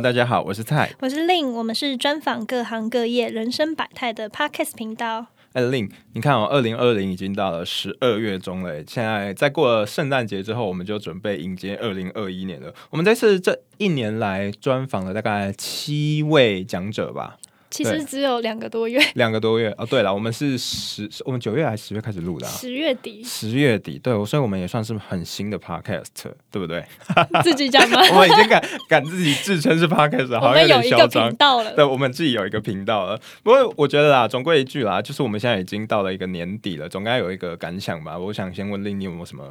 大家好，我是蔡，我是 Lin 我們是專訪各行各業人生百態的 Podcast 頻道。哎、欸、Lin 你看哦，我二零二零已經到了十二月中了，現在在過了聖誕節之後，我們就準備迎接二零二一年了。我們這次這一年來專訪了大概七位講者吧。對其實只有兩個多月，兩個多月哦。對了，我們是十，我們九月還是十月開始錄的啊？十月底，十月底。對，所以我們也算是很新的 Podcast，對不對？自己講嗎 我們已經敢敢自己自稱是 Podcast，好像有點囂張，有一個頻道了，對，我們自己有一個頻道了。不過我覺得啦，總歸一句啦，就是我們現在已經到了一個年底了，總該有一個感想吧。我想先問 Lin，你有沒有什麼？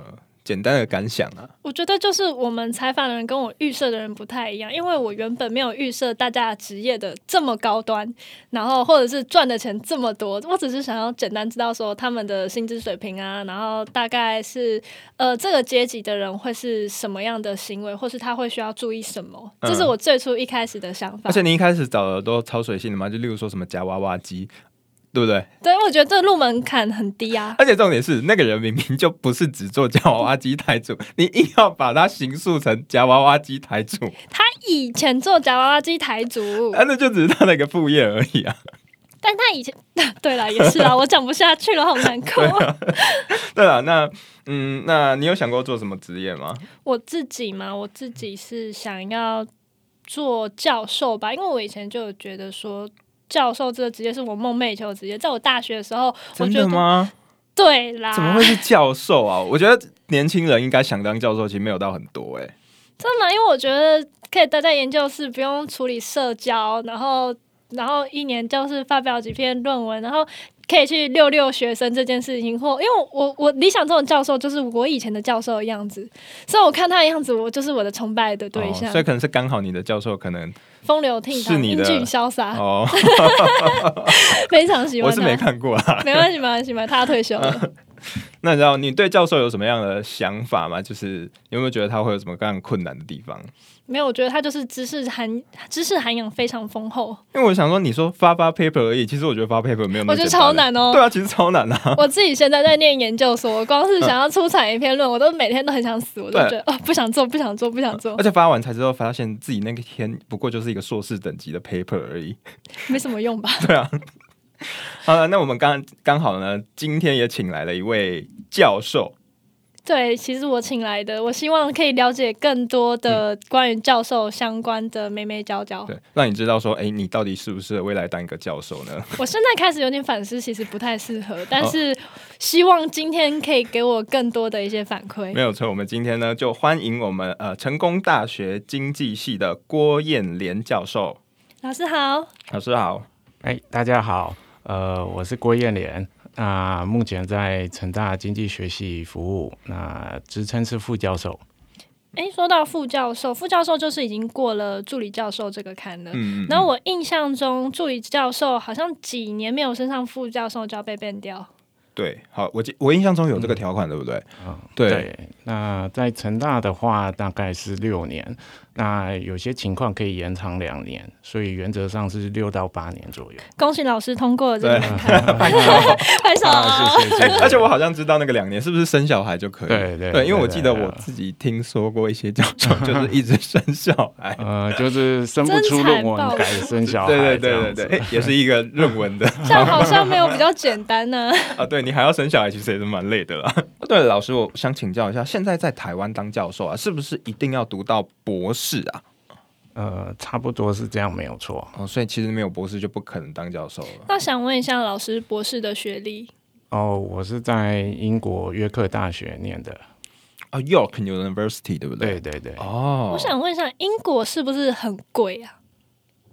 簡單的感想啊，我覺得就是我們採訪的人跟我預設的人不太一樣，因為我原本沒有預設大家職業的這麼高端，然後或者是賺的錢這麼多，我只是想要簡單知道說他們的薪資水平啊，然後大概是呃這個階級的人會是什麼樣的行為，或是他會需要注意什麼，這是我最初一開始的想法。嗯。而且你一開始找的都超水性的嘛，就例如說什麼夾娃娃機。對不對？對，我覺得這入門檻很低啊。而且重點是，那個人明明就不是只做夾娃娃機台主， 你硬要把他形塑成夾娃娃機台主。他以前做夾娃娃機台主，啊，那就只是他那個副業而已啊。但他以前，對啦，也是啊， 我講不下去了，好難過 啊。對啦，那嗯，那你有想過做什麼職業嗎？我自己嘛，我自己是想要做教授吧，因為我以前就覺得說。教授這個職業是我夢寐以求的職業，在我大學的時候我，真的嗎？對啦，怎麼會是教授啊？我覺得年輕人應該想當教授，其實沒有到很多哎、欸，真的嗎？因為我覺得可以待在研究室，不用處理社交，然後然後一年就是發表幾篇論文，然後可以去溜溜學生這件事情。或因為我我理想中的教授就是我以前的教授的樣子，所以我看他的樣子，我就是我的崇拜的對象。哦、所以可能是剛好你的教授可能。風流倜儻，英俊瀟灑，哦， 非常喜歡他。我是沒看過啊，沒關係，沒關係，他要退休了。啊 那你知道你對教授有什麼樣的想法嗎？就是你有沒有覺得他會有什麼更困難的地方？沒有，我覺得他就是知識含知識涵養非常豐厚。因為我想說，你說發發 paper 而已，其實我覺得發 paper 沒有那麼，我覺得超難哦。對啊，其實超難啊。我自己現在在唸研究所，光是想要出產一篇論，嗯、我都每天都很想死，我都覺得對哦，不想做，不想做，不想做。而且發完才之後，發現自己那個天不過就是一個碩士等級的 paper 而已，沒什麼用吧？ 對啊。好了，那我們剛剛好呢，今天也請來了一位教授。對，其實我請來的，我希望可以了解更多的關於教授相關的眉眉角角。對，讓你知道說，哎、欸，你到底是不是適合未來當一個教授呢？我現在開始有點反思，其實不太適合，但是希望今天可以給我更多的一些反饋、哦。沒有錯，我們今天呢就歡迎我們呃成功大學經濟系的郭燕蓮教授。老師好，老師好，哎、欸，大家好。呃，我是郭艷蓮，那、呃、目前在成大經濟學系服務，那職稱是副教授。哎、欸，說到副教授，副教授就是已經過了助理教授這個坎了。嗯，然後我印象中，助理教授好像幾年沒有升上副教授就要被變掉。對，好，我我印象中有這個條款，對不對？嗯，對。那在成大的話，大概是六年。那有些情況可以延長兩年，所以原則上是六到八年左右。恭喜老師通過了這，這拍手，拍手、嗯，謝謝。哎、而且我好像知道那個兩年是不是生小孩就可以？對對對，對，對，對，對，因為我記得我自己聽說過一些教授，就是一直生小孩，就是生不出論文，改生小孩，對對對對對，也是一個論文的。慘 這樣好像沒有比較簡單呢、啊。啊，對你還要生小孩，其實也是蠻累的啦。對，老師，我想請教一下，現在在台灣當教授啊，是不是一定要讀到博士？是啊，呃，差不多是這樣，沒有錯。哦，所以其實沒有博士就不可能當教授了。那想問一下，老師博士的學歷？哦，我是在英國約克大學念的，啊，York University 對不對？對對對，哦。我想問一下，英國是不是很貴啊？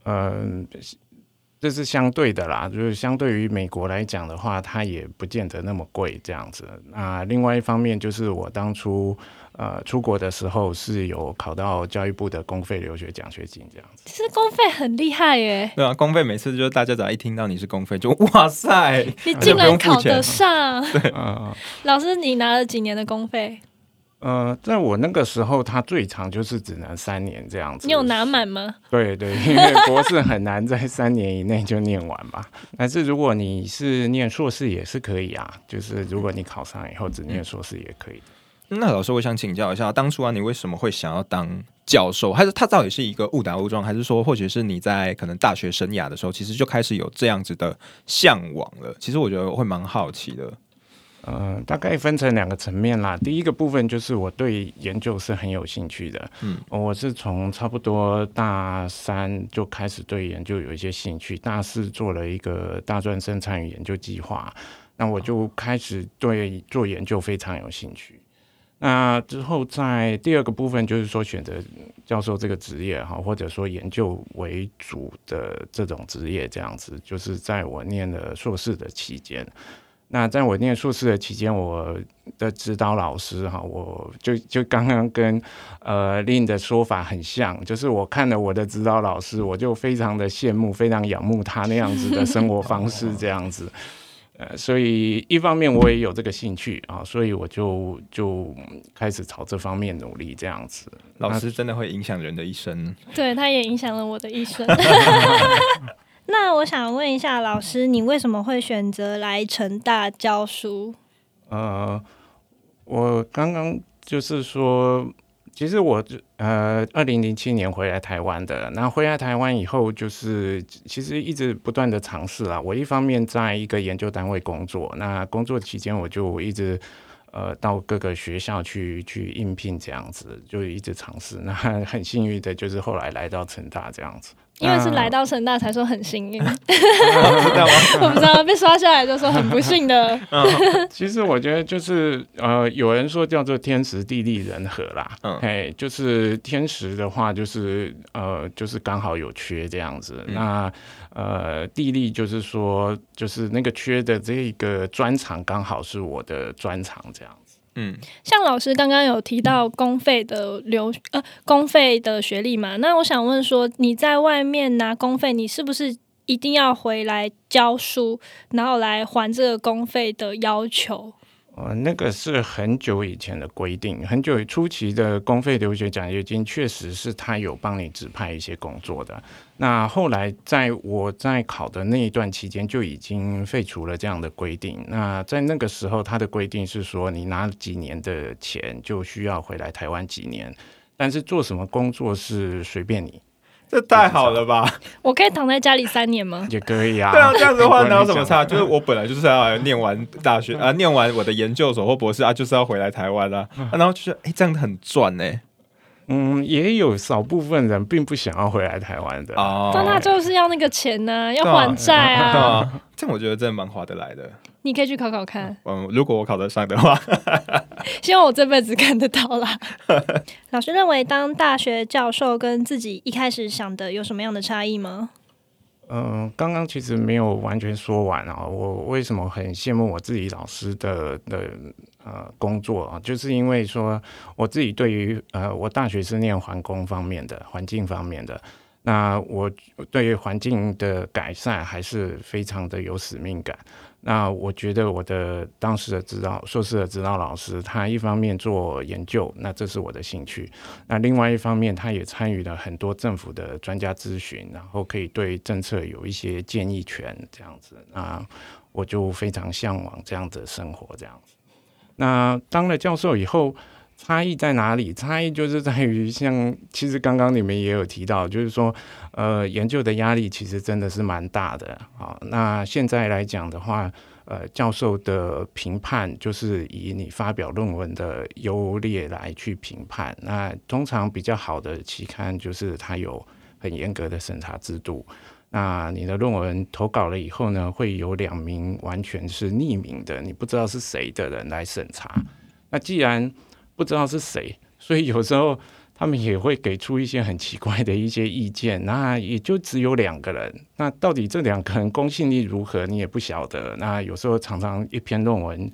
嗯。嗯這是相對的啦，就是相對於美國來講的話，它也不見得那麼貴這樣子。那另外一方面就是，我當初呃出國的時候是有考到教育部的公費留學獎學金這樣子。其實公費很厲害耶，對啊，公費每次就是大家只要一聽到你是公費，就哇塞，你竟然考得上。對啊，老師你拿了幾年的公費？呃，在我那個時候，他最長就是只能三年這樣子。你有拿滿嗎？對對，因為博士很難在三年以內就念完吧。 但是如果你是念碩士，也是可以啊。就是如果你考上以後只念碩士也可以。嗯、那老師，我想請教一下，當初啊，你為什麼會想要當教授？還是他到底是一個誤打誤撞，還是說，或許是你在可能大學生涯的時候，其實就開始有這樣子的向往了？其實我覺得我會蠻好奇的。嗯、呃，大概分成兩個層面啦。第一個部分就是我對研究是很有興趣的。嗯，我是從差不多大三就開始對研究有一些興趣，大四做了一個大專生參與研究計劃，那我就開始對做研究非常有興趣。嗯、那之後在第二個部分就是說選擇教授這個職業哈，或者說研究為主的這種職業這樣子，就是在我念了碩士的期間。那在我念碩士的期間，我的指導老師哈，我就就剛剛跟呃林的說法很像，就是我看了我的指導老師，我就非常的羨慕，非常仰慕他那樣子的生活方式這樣子。 呃，所以一方面我也有這個興趣啊，所以我就就開始朝這方面努力這樣子。老師真的會影響人的一生， 對他也影響了我的一生。 那我想問一下老師，你為什麼會選擇來成大教書？呃，我剛剛就是說，其實我呃，二零零七年回來台灣的，那回來台灣以後，就是其實一直不斷的嘗試啦。我一方面在一個研究單位工作，那工作期間我就一直呃到各個學校去去應聘，這樣子就一直嘗試。那很幸運的就是後來來到成大這樣子。因為是來到成大才說很幸運，我不知道被刷下來就說很不幸的。其實我覺得就是呃，有人說叫做天時地利人和啦，啊、嘿，就是天時的話就是呃就是剛好有缺這樣子，嗯、那呃地利就是說就是那個缺的這個專長剛好是我的專長這樣。嗯，像老師剛剛有提到公費的留，呃，公費的學歷嘛，那我想問說，你在外面拿公費，你是不是一定要回來教書，然後來還這個公費的要求？哦，那個是很久以前的規定，很久初期的公費留學獎學金確實是他有幫你指派一些工作的。那後來，在我在考的那一段期間，就已經廢除了這樣的規定。那在那個時候，他的規定是說，你拿幾年的錢，就需要回來台灣幾年，但是做什麼工作是隨便你。這太好了吧！我可以躺在家裡三年嗎？ 也可以啊。 對啊，這樣子的話，有什麼差？就是我本來就是要來念完大學啊、 呃，念完我的研究所或博士啊，就是要回來台灣啦、啊 啊。然後就是，哎、欸，這樣子很賺呢、欸。嗯，也有少部分人並不想要回來台灣的、哦、但那他就是要那個錢呢、啊， 要還債啊。這樣我覺得真的蠻划得來的。你可以去考考看。嗯，如果我考得上的話， 希望我這輩子看得到啦。 老師認為當大學教授跟自己一開始想的有什麼樣的差異嗎？嗯、呃，剛剛其實沒有完全說完啊。我為什麼很羨慕我自己老師的的呃工作啊？就是因為說我自己對於呃我大學是念環工方面的，環境方面的。那我對於環境的改善還是非常的有使命感。那我覺得我的當時的指導碩士的指導老師，他一方面做研究，那這是我的興趣；那另外一方面，他也參與了很多政府的專家諮詢，然後可以對政策有一些建議權這樣子。那我就非常向往這樣子的生活這樣子。那當了教授以後。差異在哪裡？差異就是在於，像其實剛剛你們也有提到，就是說，呃，研究的壓力其實真的是蠻大的啊、哦。那現在來講的話，呃，教授的評判就是以你發表論文的優劣來去評判。那通常比較好的期刊就是它有很嚴格的審查制度。那你的論文投稿了以後呢，會有兩名完全是匿名的，你不知道是誰的人來審查。那既然不知道是誰，所以有時候他們也會給出一些很奇怪的一些意見。那也就只有兩個人，那到底這兩個人公信力如何，你也不曉得。那有時候常常一篇論文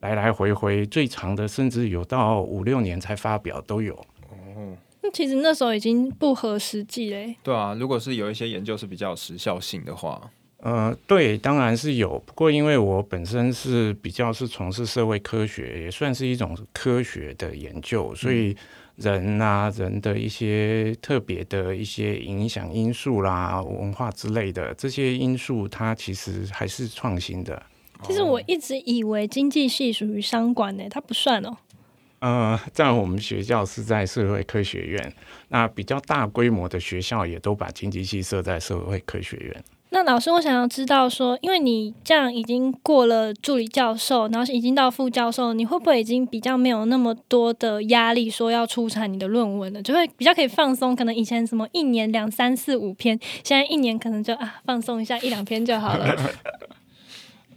來來回回，最長的甚至有到五六年才發表都有。哦、嗯，那其實那時候已經不合實際嘞。對啊，如果是有一些研究是比較有時效性的話。呃，對，當然是有。不過因為我本身是比較是從事社會科學，也算是一種科學的研究，所以人啊，人的一些特別的一些影響因素啦，文化之類的這些因素，它其實還是創新的。其實我一直以為經濟系屬於商管呢。欸，它不算哦。呃，在我們學校是在社會科學院，那比較大規模的學校也都把經濟系設在社會科學院。那老師，我想要知道說，因為你這樣已經過了助理教授，然後已經到副教授，你會不會已經比較沒有那麼多的壓力，說要出產你的論文了，就會比較可以放鬆？可能以前什麼一年兩三四五篇，現在一年可能就啊放鬆一下，一兩篇就好了。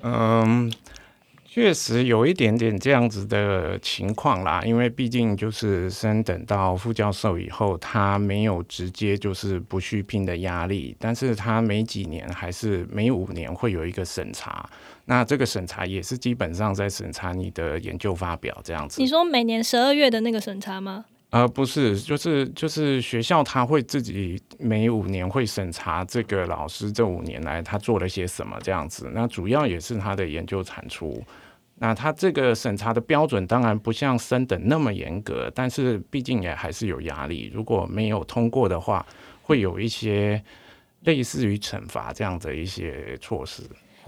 嗯 um。確實有一點點這樣子的情況啦，因為畢竟就是升等到副教授以後，他沒有直接就是不續聘的壓力，但是他每幾年還是每五年會有一個審查，那這個審查也是基本上在審查你的研究發表這樣子。你說每年十二月的那個審查嗎？呃，不是，就是就是學校他會自己每五年會審查這個老師這五年來他做了些什麼這樣子，那主要也是他的研究產出。那他這個審查的標準當然不像升等那麼嚴格，但是畢竟也還是有壓力。如果沒有通過的話，會有一些類似於懲罰這樣的一些措施。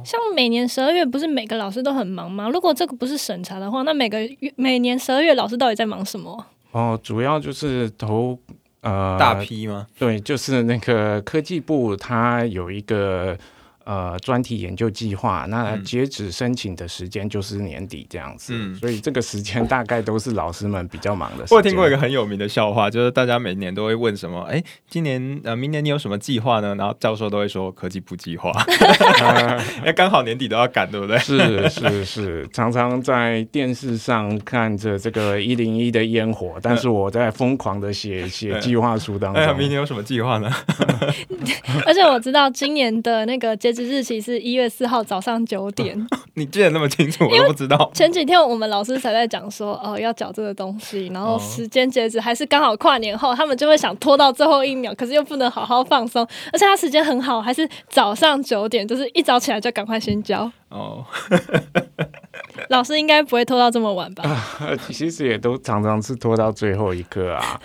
像每年十二月，不是每個老師都很忙嗎？如果這個不是審查的話，那每個月每年十二月老師到底在忙什麼？哦，主要就是投呃大批嗎？對，就是那個科技部，它有一個。呃，專題研究計劃，那截止申請的時間就是年底這樣子，嗯、所以這個時間大概都是老師們比較忙的時候。 我聽過一個很有名的笑話，就是大家每年都會問什麼？哎、欸，今年呃，明年你有什麼計劃呢？然後教授都會說科技部計劃，哎，剛好年底都要趕，對不對？ 是是是，是，常常在電視上看着這個一零一的煙火，但是我在瘋狂的寫寫計劃書當中。哎、欸，明年有什麼計劃呢？ 而且我知道今年的那個截止。日期是一月四號早上九點。你記得那麼清楚，我都不知道。前幾天我們老師才在講說哦，要繳這個東西，然後時間截止還是剛好跨年後，他們就會想拖到最後一秒，可是又不能好好放鬆，而且他時間很好，還是早上九點，就是一早起來就趕快先交。哦，老師應該不會拖到這麼晚吧？其實也都常常是拖到最後一刻啊。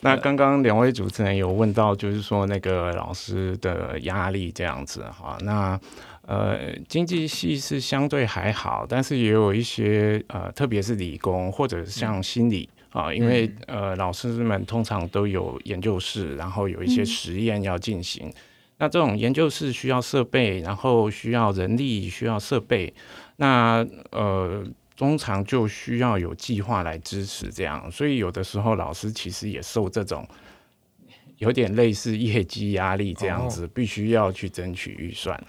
那剛剛兩位主持人有問到，就是說那個老師的壓力這樣子哈，那呃經濟系是相對還好，但是也有一些呃，特別是理工或者像心理啊，嗯、因為呃老師們通常都有研究室，然後有一些實驗要進行，嗯、那這種研究室需要設備，然後需要人力，需要設備，那呃。通常就需要有計劃來支持，這樣，所以有的時候老師其實也受這種有點類似業績壓力這樣子，oh. 必須要去爭取預算。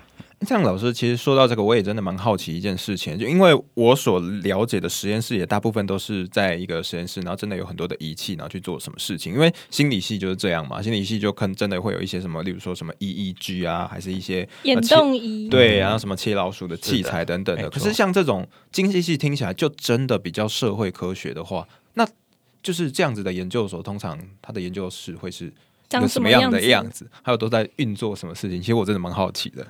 像老師，其實說到這個，我也真的蠻好奇一件事情，就因為我所了解的實驗室也大部分都是在一個實驗室，然後真的有很多的儀器，然後去做什麼事情。因為心理系就是這樣嘛，心理系就看真的會有一些什麼，例如說什麼 EEG 啊，還是一些眼動儀，呃、對、啊，然後什麼切老鼠的器材等等的。是的可是像這種經濟系聽起來就真的比較社會科學的話，那就是這樣子的研究所，通常他的研究室會是。長什麼樣的樣子，還有都在運作什麼事情？其實我真的蠻好奇的。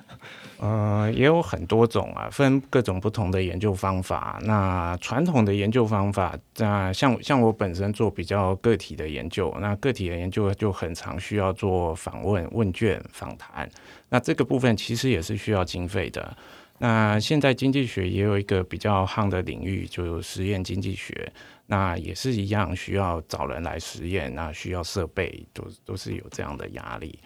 嗯、呃，也有很多種啊，分各種不同的研究方法。那傳統的研究方法，那、呃、像像我本身做比較個體的研究，那個體的研究就很常需要做訪問、問卷、訪談。那這個部分其實也是需要經費的。那現在經濟學也有一個比較夯的領域，就是、實驗經濟學。那也是一樣，需要找人來實驗，那需要設備，都都是有這樣的壓力。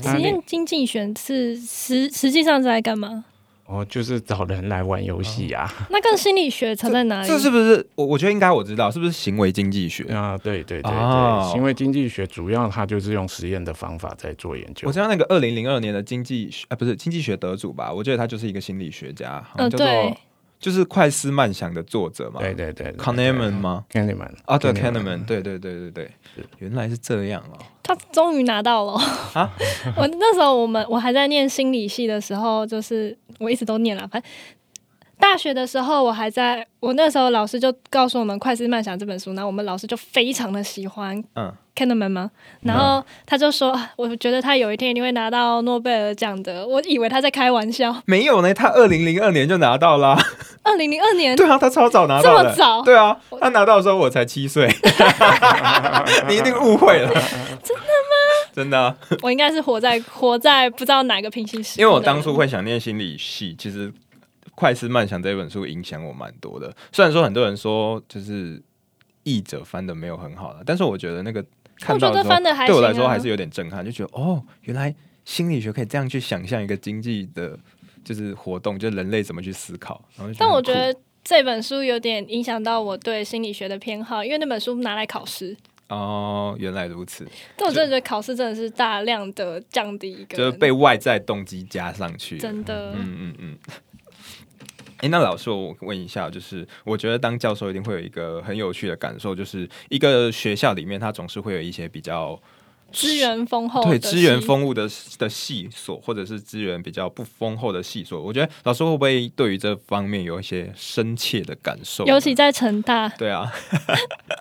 實驗經濟學是實實際上是在幹嘛？哦，就是找人來玩遊戲呀。那跟心理學成在哪裡這？這是不是我？我覺得應該我知道，是不是行為經濟學啊？對對對對，哦、行為經濟學主要它就是用實驗的方法在做研究。我知道那個二零零二年的經濟學，啊、呃，不是經濟學得主吧？我覺得他就是一個心理學家，嗯，呃、對。就是快思慢想的作者嘛？對對對，Kahneman ahn 嗎？Kahneman 啊，對，Kahneman，對對對對對，是原來是這樣哦。他終於拿到了啊！ 我那時候我們我還在念心理系的時候，就是我一直都念了、啊，反正。大學的時候，我還在我那時候，老師就告訴我們《快思慢想》這本書，然後我們老師就非常的喜歡。嗯，康納曼嘛？然後他就說：“我覺得他有一天一定會拿到諾貝爾獎的。”我以為他在開玩笑。沒有呢，他二零零二年就拿到了、啊。二零零二年，對啊，他超早拿到了。這麼早？對啊，他拿到的時候我才七歲。 你一定誤會了。 真的嗎？真的，我應該是活在活在不知道哪個平行時空。因為我當初會想念心理系，其實。《快思慢想》這本書影響我蠻多的，雖然說很多人說就是譯者翻得沒有很好了，但是我覺得那個，看到的對我來說還是有點震撼，就覺得哦，原來心理學可以這樣去想象一個經濟的，就是活動，就人類怎麼去思考。但我覺得這本書有點影響到我對心理學的偏好，因為那本書拿來考試。哦，原來如此。但我真的覺得考試真的是大量的降低一個，就是被外在動機加上去，真的，嗯嗯嗯,嗯。嗯哎、欸，那老師，我問一下，就是我覺得當教授一定會有一個很有趣的感受，就是一個學校裡面，它總是會有一些比較資源豐厚，對資源豐富的的系所，或者是資源比較不豐厚的系所，我覺得老師會不會對於這方面有一些深切的感受？尤其在成大，對啊。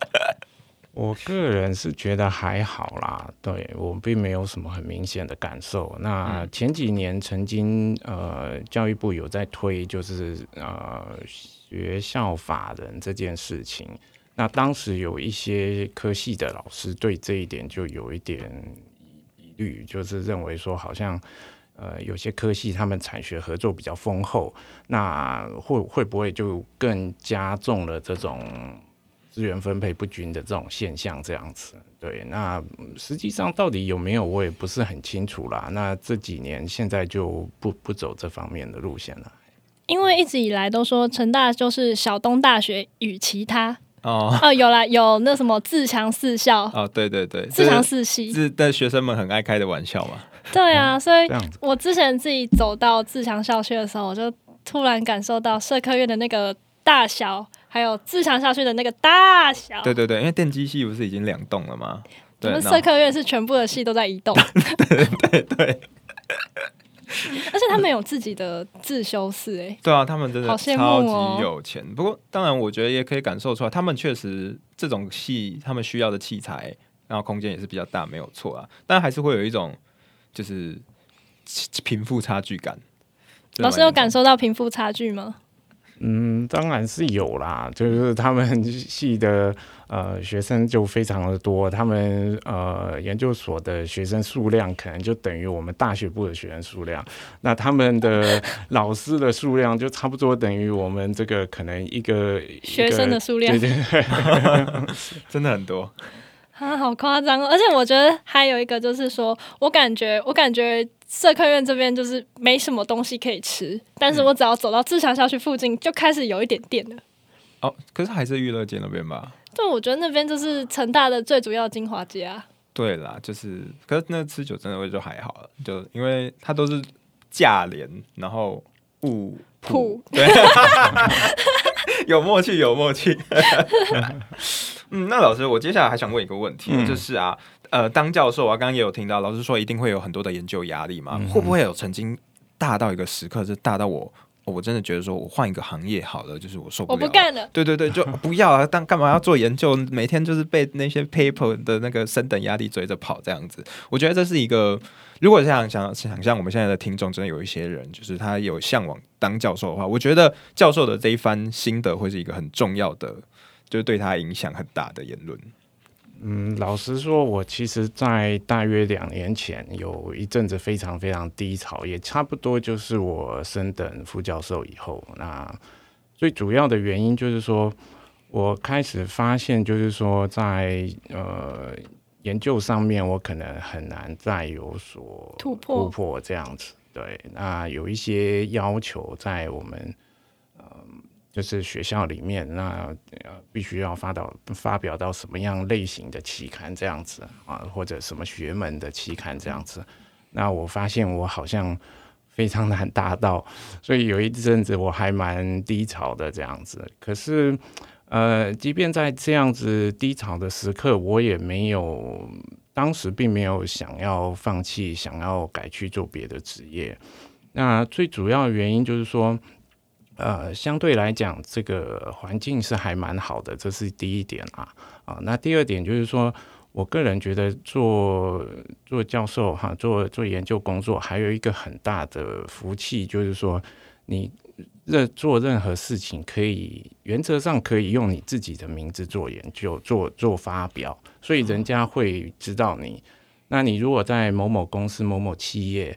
我個人是覺得還好啦，對，我並沒有什麼很明顯的感受。那前幾年曾經，呃，教育部有在推，就是呃，學校法人這件事情。那當時有一些科系的老師對這一點就有一點疑慮，就是認為說，好像，呃，有些科系他們產學合作比較豐厚，那會會不會就更加重了這種？資源分配不均的這種現象，這樣子，對，那實際上到底有沒有，我也不是很清楚啦。那這幾年現在就不不走這方面的路線了，因為一直以來都說成大就是小東大學與其他哦哦、呃，有啦有那什麼自強四校哦。對對對，自強四系是學生們很愛開的玩笑嘛，對啊，所以我之前自己走到自強校區的時候，我就突然感受到社科院的那個。大小，還有自強下去的那個大小。對對對，因為電機系不是已經兩棟了嗎？我們社科院是全部的系都在一棟。對對對。而且他們有自己的自修室，欸，哎。對啊，他們真的超級有錢，好羨慕，哦。不過當然，我覺得也可以感受出來，他們確實這種系，他們需要的器材，然後空間也是比較大，沒有錯啊。但還是會有一種就是貧富差距感。老師有感受到貧富差距嗎？嗯，當然是有啦，就是他們系的呃學生就非常的多，他們呃研究所的學生數量可能就等於我們大學部的學生數量，那他們的老師的數量就差不多等於我們這個可能一個，一個學生的數量，對對對， 真的很多，啊，好誇張哦，而且我覺得還有一個就是說我感覺我感覺。社科院這邊就是沒什麼東西可以吃，但是我只要走到自強校區附近，就開始有一點電了。嗯、哦，可是還是育樂街那邊吧？對，我覺得那邊就是成大的最主要精華街啊。對啦，就是，可是那吃酒真的味就還好了，就因為它都是價廉，然後物鋪，有默契，有默契。 嗯，那老師，我接下來還想問一個問題，嗯、就是啊。呃，當教授啊，剛剛也有聽到老師說一定會有很多的研究壓力嘛，嗯哼，會不會有曾經大到一個時刻是大到我、哦、我真的覺得說我換一個行業好了，就是我受不了了，我不幹了。對對對，就、哦、不要啊！但幹嘛要做研究？每天就是被那些 paper 的那個升等壓力追着跑，這樣子。我覺得這是一個，如果像、像、像我們現在的聽眾，真的有一些人就是他有向往當教授的話，我覺得教授的這一番心得會是一個很重要的，就是對他影響很大的言論。嗯，老實說，我其實在大約兩年前有一陣子非常非常低潮，也差不多就是我升等副教授以後，那最主要的原因就是說，我開始發現就是說在，在呃研究上面，我可能很難再有所突破，突破這樣子。對，那有一些要求在我們。就是學校裡面那，呃必須要發到發表到什麼樣類型的期刊這樣子啊，或者什麼學門的期刊這樣子，那我發現我好像非常的難達到，所以有一陣子我還蠻低潮的這樣子。可是呃，即便在這樣子低潮的時刻，我也沒有當時並沒有想要放棄，想要改去做別的職業。那最主要原因就是說。呃，相對來講，這個環境是還蠻好的，這是第一點啊。啊，那第二點就是說，我個人覺得做做教授哈，做做研究工作，還有一個很大的福氣，就是說，你任做任何事情，可以原則上可以用你自己的名字做研究、做做發表，所以人家會知道你。嗯。那你如果在某某公司、某某企業。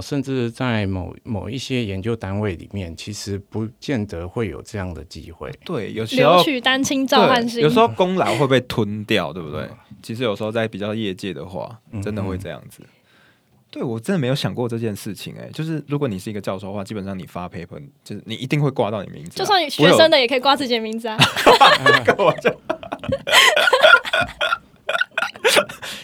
甚至在某某一些研究單位裡面，其實不見得會有這樣的機會。對，有時候取單親召喚，有時候功勞會被吞掉，對不對？ 其實有時候在比較業界的話，真的會這樣子。嗯嗯對，我真的沒有想過這件事情、欸。哎，就是如果你是一個教授的話，基本上你發 paper，就是你一定會掛到你名字、啊。就算你學生的有也可以掛自己的名字啊。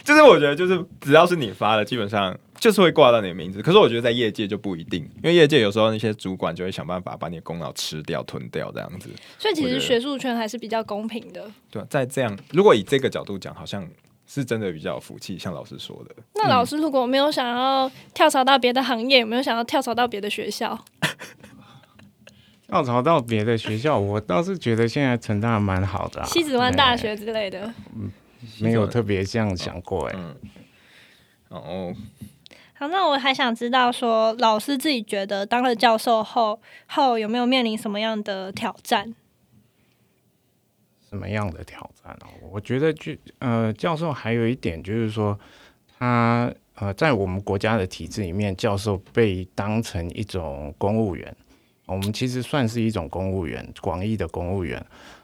就是我覺得，就是只要是你發的，基本上。就是會掛到你的名字，可是我覺得在業界就不一定，因為業界有時候那些主管就會想辦法把你的功勞吃掉、吞掉這樣子。所以其實學術圈還是比較公平的。對、啊，在這樣，如果以這個角度講，好像是真的比較有福氣，像老師說的。那老師如果沒有想要跳槽到別的行業，有沒有想要跳槽到別的學校？ 跳槽到別的學校，我倒是覺得現在成大還蠻好的、啊，西子灣大學之類的。欸、嗯，沒有特別這樣想過、欸，哎。哦、嗯。嗯 oh, 好，那我還想知道，說老師自己覺得當了教授後後有沒有面臨什麼樣的挑戰？什麼樣的挑戰呢？我覺得就，就呃，教授還有一點就是說他，他呃，在我們國家的體制裡面，教授被當成一種公務員，我們其實算是一種公務員，廣義的公務員。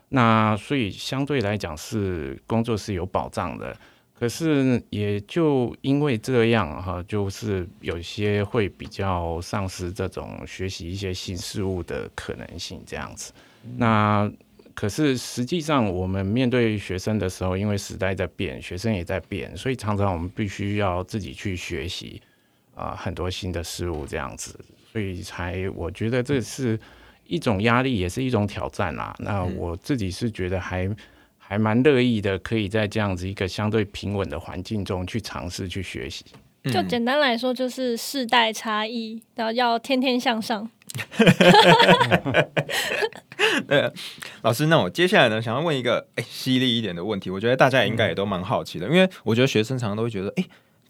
那所以相對來講，是工作是有保障的。可是也就因為這樣哈，就是有些會比較喪失這種學習一些新事物的可能性，這樣子。那可是實際上我們面對學生的時候，因為時代在變，學生也在變，所以常常我們必須要自己去學習啊、呃，很多新的事物這樣子。所以才我覺得這是一種壓力，也是一種挑戰啦。那我自己是覺得還。還蠻樂意的，可以在這樣子一個相對平穩的環境中去嘗試、去學習。就簡單來說，就是世代差異，然後要天天向上。呃，老師，那我接下來呢，想要問一個誒、欸、犀利一點的問題。我覺得大家應該也都蠻好奇的，嗯、因為我覺得學生常常都會覺得，欸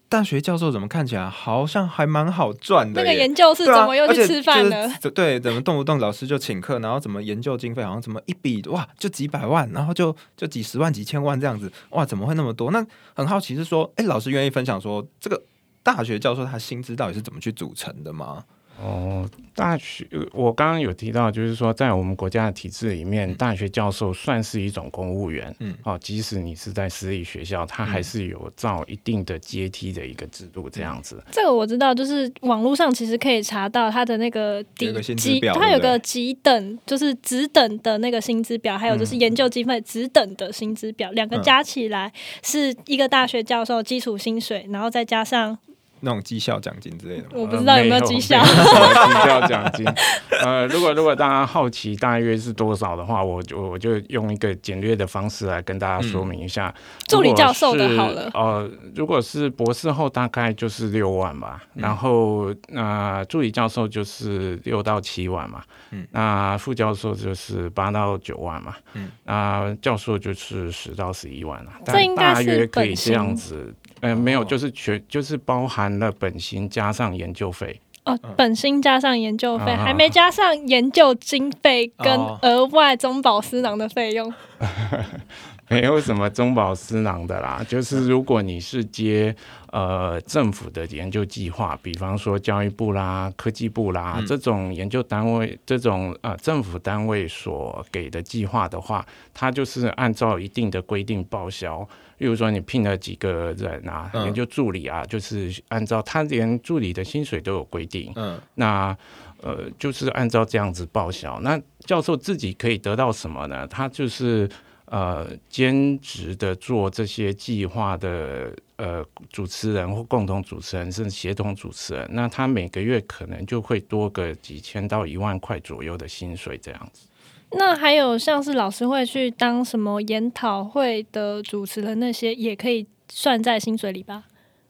大學教授怎麼看起來好像還蠻好賺的？那個研究室怎麼又去吃飯呢？對啊，就是，對，怎麼動不動老師就請客，然後怎麼研究經費好像怎麼一筆哇就幾百萬，然後就就幾十萬、幾千萬這樣子哇，怎麼會那麼多？那很好奇是說，哎、欸，老師願意分享說這個大學教授他薪資到底是怎麼去組成的嗎？哦，大學我剛剛有提到，就是說在我們國家的體制裡面，大學教授算是一種公務員，嗯，哦，即使你是在私立學校，它還是有照一定的階梯的一個制度，這樣子。嗯、這個我知道，就是網絡上其實可以查到它的那個底級，它有個級等，就是職等的那個薪資表，還有就是研究經費職等的薪資表，兩、嗯、個加起來是一個大學教授基礎薪水，然後再加上。那種績效獎金之類的，我不知道有沒有績效獎、呃、金。 呃，如果如果大家好奇大約是多少的話，我就我就用一個簡略的方式來跟大家說明一下。嗯、助理教授的好了，呃，如果是博士後大概就是六萬吧，然後那、嗯呃、助理教授就是六到七萬嘛，嗯，那、呃、副教授就是八到九萬嘛，嗯，那、呃、教授就是十到十一萬了，這、嗯、大約可以這樣子，呃、沒有，就是全就是包含。那本薪加上研究費哦，本薪加上研究費，啊、還沒加上研究經費跟額外中飽私囊的費用，哦、 沒有什麼中飽私囊的啦。 就是如果你是接呃政府的研究計劃，比方說教育部啦、科技部啦、嗯、這種研究單位，這種呃政府單位所給的計劃的話，它就是按照一定的規定報銷。例如說，你聘了幾個人啊，研究助理啊，嗯、就是按照他連助理的薪水都有規定，嗯、那呃，就是按照這樣子報銷。那教授自己可以得到什麼呢？他就是呃，兼職的做這些計劃的。呃，主持人或共同主持人，甚至協同主持人，那他每個月可能就會多個幾千到一萬塊左右的薪水這樣子。那還有像是老師會去當什麼研討會的主持人，那些也可以算在薪水裡吧？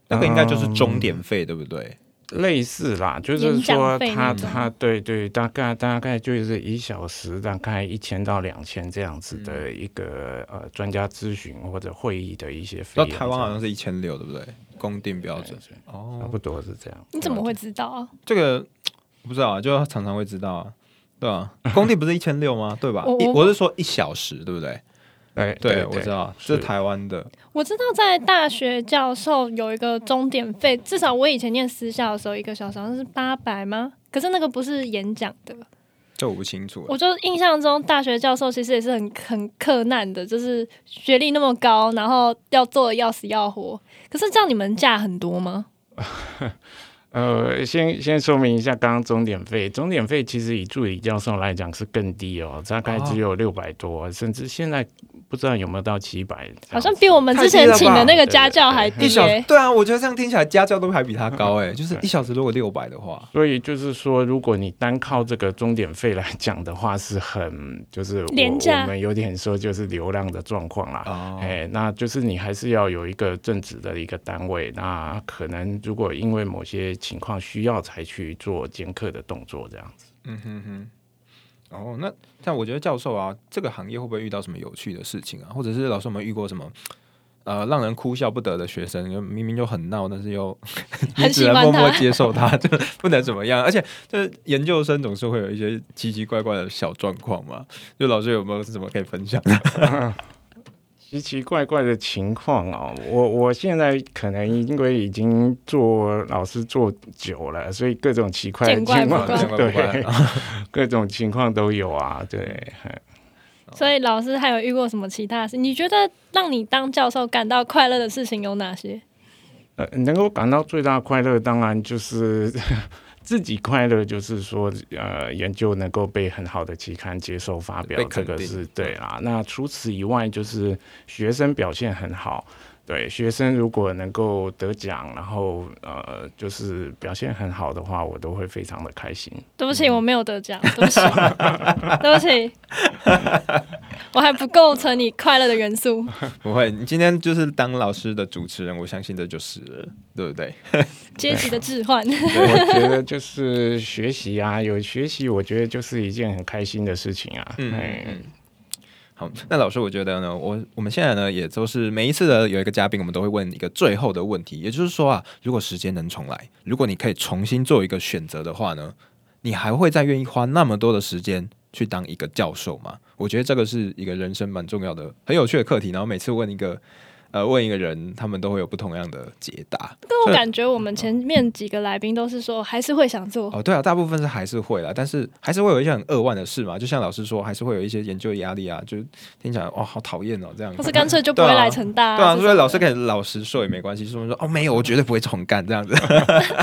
那個應該就是鐘點費，嗯、對不對？類似啦，就是說他他對對，大概大概就是一小時，大概一千到兩千這樣子的一個、嗯、呃專家諮詢或者會議的一些費用。那台灣好像是一千六，對不對？公定標準哦，差不多是這樣。你怎麼會知道啊？這個我不知道啊，就常常會知道啊，對啊，公定不是一千六嗎？ 對吧？我是說一小時，對不對？哎，對，對，對，我知道是，是台灣的。我知道在大學教授，有一個鐘點費，至少我以前念私校的時候一個小時好像是八百嗎？可是那個不是演講的，這我不清楚。我就印象中大學教授其實也是很很克難的，就是學歷那麼高，然後要做要死要活。可是這樣你們價很多嗎？ 呃，先先說明一下剛剛，剛剛鐘點費，鐘點費其實以助理教授來講是更低哦、喔，大概只有六百多，oh. 甚至現在不知道有沒有到七百，好像比我們之前請的那個家教還低、欸。對啊，我覺得這樣聽起來家教都還比他高哎、欸， 就是一小時如果六百的話。所以就是說，如果你單靠這個鐘點費來講的話，是很就是我，廉價，我們有點說就是流浪的狀況啦。哦。哎，那就是你還是要有一個正職的一個單位，那可能如果因為某些。情況需要才去做監課的動作，這樣子。嗯哼哼。哦，那像我覺得教授啊，這個行業會不會遇到什麼有趣的事情啊？或者是老師有沒有遇過什麼呃讓人哭笑不得的學生？明明就很鬧，但是又呵呵你只能默默接受他，他就不能怎麼樣。而且，這、就是、研究生總是會有一些奇奇怪怪的小狀況嘛。就老師有沒有什麼可以分享的？ 奇奇怪怪的情況哦，我我現在可能因為已經做老師做久了，所以各種奇怪的情況，見怪不怪，對， 各種情況都有啊，對。嗯，所以老師還有遇過什麼其他事？你覺得讓你當教授感到快樂的事情有哪些？呃，能夠感到最大快樂，當然就是。呵呵自己快樂就是說，呃，研究能夠被很好的期刊接受發表，這個是對啦、啊。那除此以外，就是學生表現很好。對，學生如果能夠得獎，然後呃，就是表現很好的話，我都會非常的開心。對不起，嗯、我沒有得獎，對不起，對不起，我還不構成你快樂的元素。不會，你今天就是當老師的主持人，我相信這就是了，對不對？階 級的置換， 我覺得就是學習啊，有學習，我覺得就是一件很開心的事情啊，嗯。哎好，那老師，我覺得呢，我我們現在呢也都是每一次的有一個嘉賓，我們都會問一個最後的問題，也就是說啊，如果時間能重來，如果你可以重新做一個選擇的話呢，你還會再願意花那麼多的時間去當一個教授嗎？我覺得這個是一個人生蠻重要的、很有趣的課題，然後每次問一個。呃，問一個人，他們都會有不同樣的解答。但我感覺我們前面幾個來賓都是說還是會想做。嗯。哦，對啊，大部分是還是會啦，但是還是會有一些很扼腕的事嘛。就像老師說，還是會有一些研究壓力啊，就聽起來哇，哦，好討厭哦，這樣看看。可是乾脆就不會來成大。啊對啊。對啊，所以老師可以老實說也沒關係。是是說說哦，沒有，我絕對不會重幹這樣子。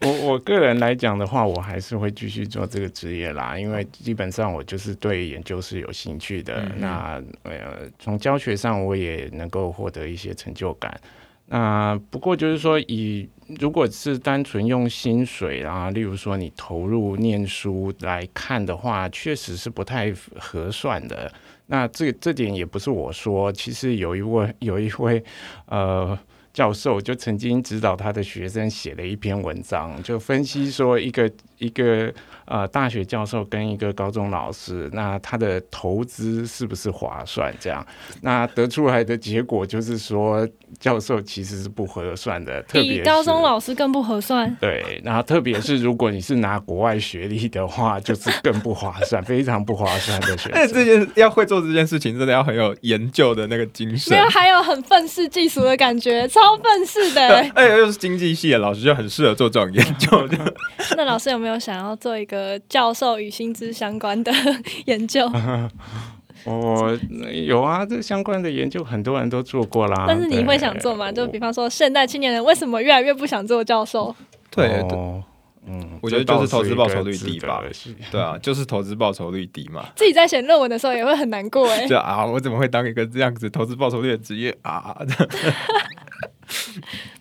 我我個人來講的話，我還是會繼續做這個職業啦，因為基本上我就是對研究是有興趣的。嗯、哼那呃，從教學上我也能夠獲得一些成就感。那不過就是說以，以如果是單純用薪水啊，例如說你投入念書來看的話，確實是不太合算的。那這這點也不是我說，其實有一位有一位呃。教授就曾經指導他的學生寫了一篇文章，就分析說一個一個呃大學教授跟一個高中老師，那他的投資是不是划算？這樣，那得出來的結果就是說，教授其實是不合算的，特別，比高中老師更不合算。對，然後特別是如果你是拿國外學歷的話，就是更不划算， 非常不划算的學生這件要會做這件事情，真的要很有研究的那個精神，還有很憤世嫉俗的感覺，超。好是的、欸！哎、欸，又是經濟系的老師就很適合做這種研究。的。那老師有沒有想要做一個教授與薪資相關的研究？ 嗯、我有啊，這相關的研究很多人都做過啦。但是你會想做嗎？對我就比方說，現代青年人為什麼越來越不想做教授？對，對對嗯，我覺得就是投資報酬率低吧。對啊， 就是投資報酬率低嘛。自己在寫論文的時候也會很難過哎。就啊，我怎麼會當一個這樣子投資報酬率的職業啊？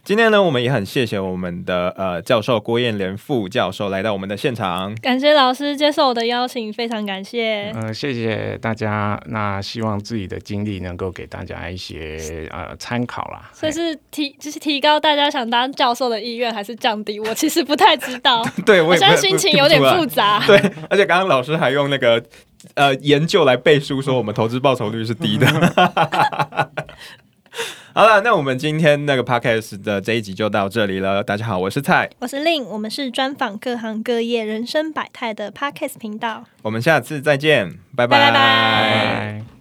今天呢，我們也很謝謝我們的呃教授，郭燕蓮副教授來到我們的現場。感謝老師接受我的邀請，非常感謝。嗯、呃，謝謝大家。那希望自己的經歷能夠給大家一些呃參考啦。所以是提，嘿就是提高大家想當教授的意願，還是降低？我其實不太知道。 對，我也現在心情有點複雜。對，而且剛剛老師還用那個呃研究來背書，說我們投資報酬率是低的。 好了，那我們今天那個 Podcast 的這一集就到這裡了。大家好，我是蔡，我是 Lin，我們是專訪各行各業人生百態的 Podcast 頻道。我們下次再見，拜拜拜拜。Bye bye bye